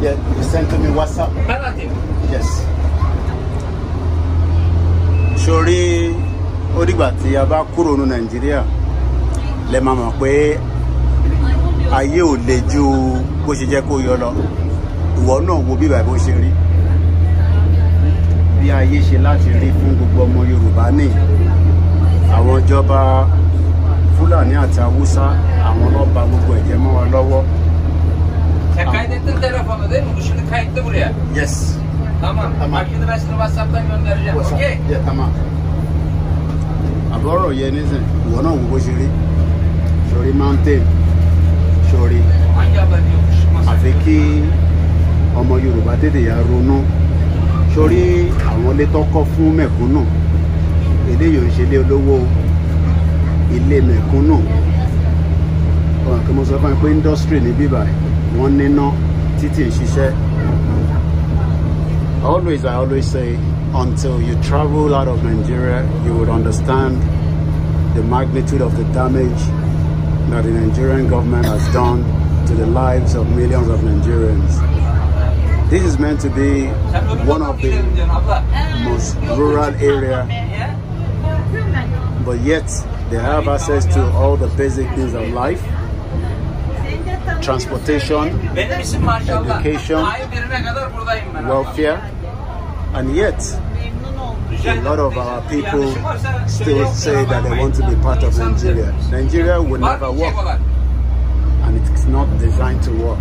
Yeah, he sent to me WhatsApp. Relative? Yes. Sori ó dìgbà tí a bá kúrò ní Nàìjíríà lẹ máa mọ̀ pé ayé ò le ju bó ṣe jẹ́ kó yọ lọ. Ìwọ náà wo bí bàbá bó ṣe rí. Bí ayé ṣe láti rí fún gbogbo ọmọ Yorùbá ní àwọn ìjọba Fúlàní àti Haúsá àwọn ló ba gbogbo ẹ̀jẹ̀ mọ́ wa lọ́wọ́ oldu değil mi? Bu şimdi kayıtlı buraya. Yes. Tamam. Tamam. Şimdi ben sana WhatsApp'tan göndereceğim. WhatsApp. Okey? Yeah, tamam. Àbọ̀rọ̀ yẹn nísìn, ìwọ náà wo bó ṣe rí. Sori mountain. Sori. Hangi haber yokmuş? Àfi kí ọmọ Yorùbá tètè ya ronú. Sori àwọn ilé tọ́kọ́ fún mẹ̀kúnnù. Eléyìí ò ń ṣe ilé olówó ilé mẹ̀kúnnù. Ọ̀rọ̀ industry ní bíbáyìí, wọ́n níná. No títí said, Always, I always say, until you travel out of Nigeria, you would understand the magnitude of the damage that the Nigerian government has done to the lives of millions of Nigerians. This is meant to be one of the most rural area, but yet they have access to all the basic things of life transportation, education, welfare, and yet a lot of our people still say that they want to be part of Nigeria. Nigeria will never work and it's not designed to work.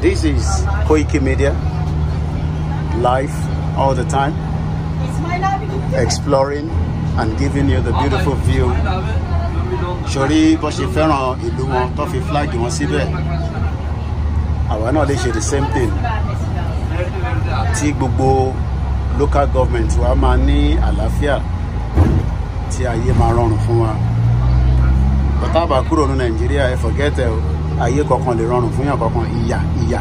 This is Koiki Media, live all the time, exploring and giving you the beautiful view sọrí bó ṣe fẹ́ràn ìlú wọn tó fi fúláàgì wọn síbẹ̀ àwa náà lè ṣe the same thing tí gbogbo local government wa máa ní àlàáfíà tí ayé máa rọrùn fún wa bàtà bá kúrò ní nàìjíríà ẹ forget ẹ o ayé kankan lè rọrùn fún yàn kankan ìyà ìyà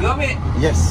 yes.